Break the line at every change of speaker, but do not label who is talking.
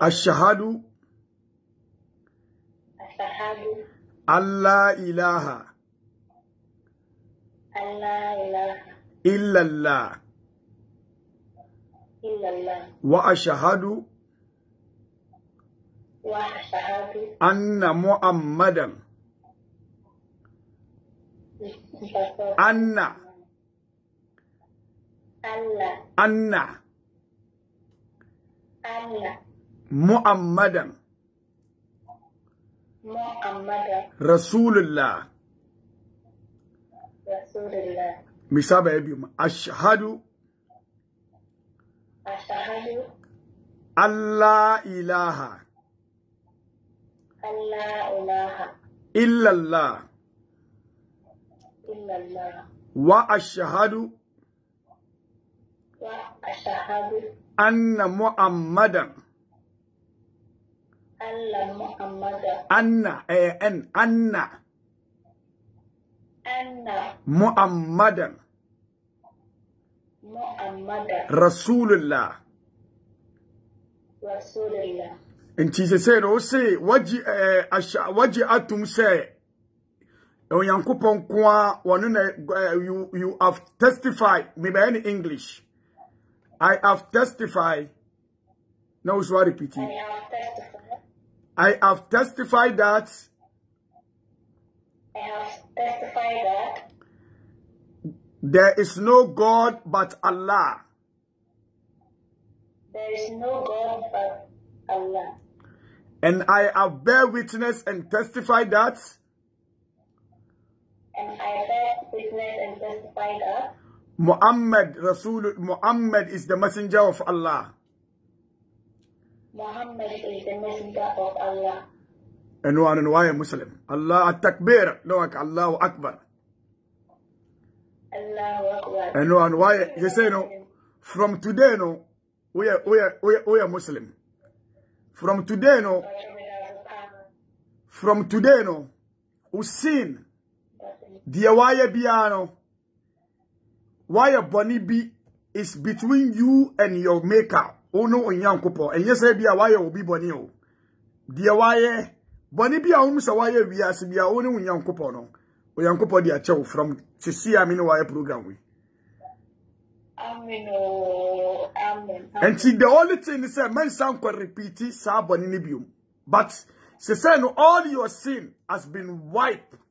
أشهد أشهد أن لا إله إلا الله إلا الله وأشهد وأشهد أن محمدا أن أن أن محمدا محمدا رسول الله رسول الله مسابع يبيوم أشهد أشهد الله إله الله إله إلا الله إلا الله وأشهد وأشهد أن محمدا Anna Anna, eh, en, Anna. Anna. Muhammada. Muhammada. Rasulullah. Rasulullah. And she said, oh, say, waji, eh, asha, waji atum say, eh, eh, you have testified me by any English. I have testified. Now, what's repeating? I have testified that. I have testified that. There is no God but Allah. There is no God but Allah. And I have bear witness and testify that. And I bear witness and testify that. Muhammad Rasul Muhammad is the messenger of Allah. Muhammad is the messenger of Allah. no, رواية مسلم Akbar. Allah, لوك الله No, i أكبر You رواية يسينو from today no we are we are we are, we are Muslim from today no from today no usin dia wire Why a bunny b is between you and your maker wono onyankopɔ enye sɛ bia wayɛ obi bɔne o deɛ wayɛ bɔne bia wo sɛ wayɛ wiase bia wone onyankopɔ no onyankopɔ de akyɛ wo from sisi a me ne wayɛ program wi nti the only thing is sɛ eh, mensa nkɔ repeat saa bɔne no biom but sɛ sɛ no all your sin has been wiped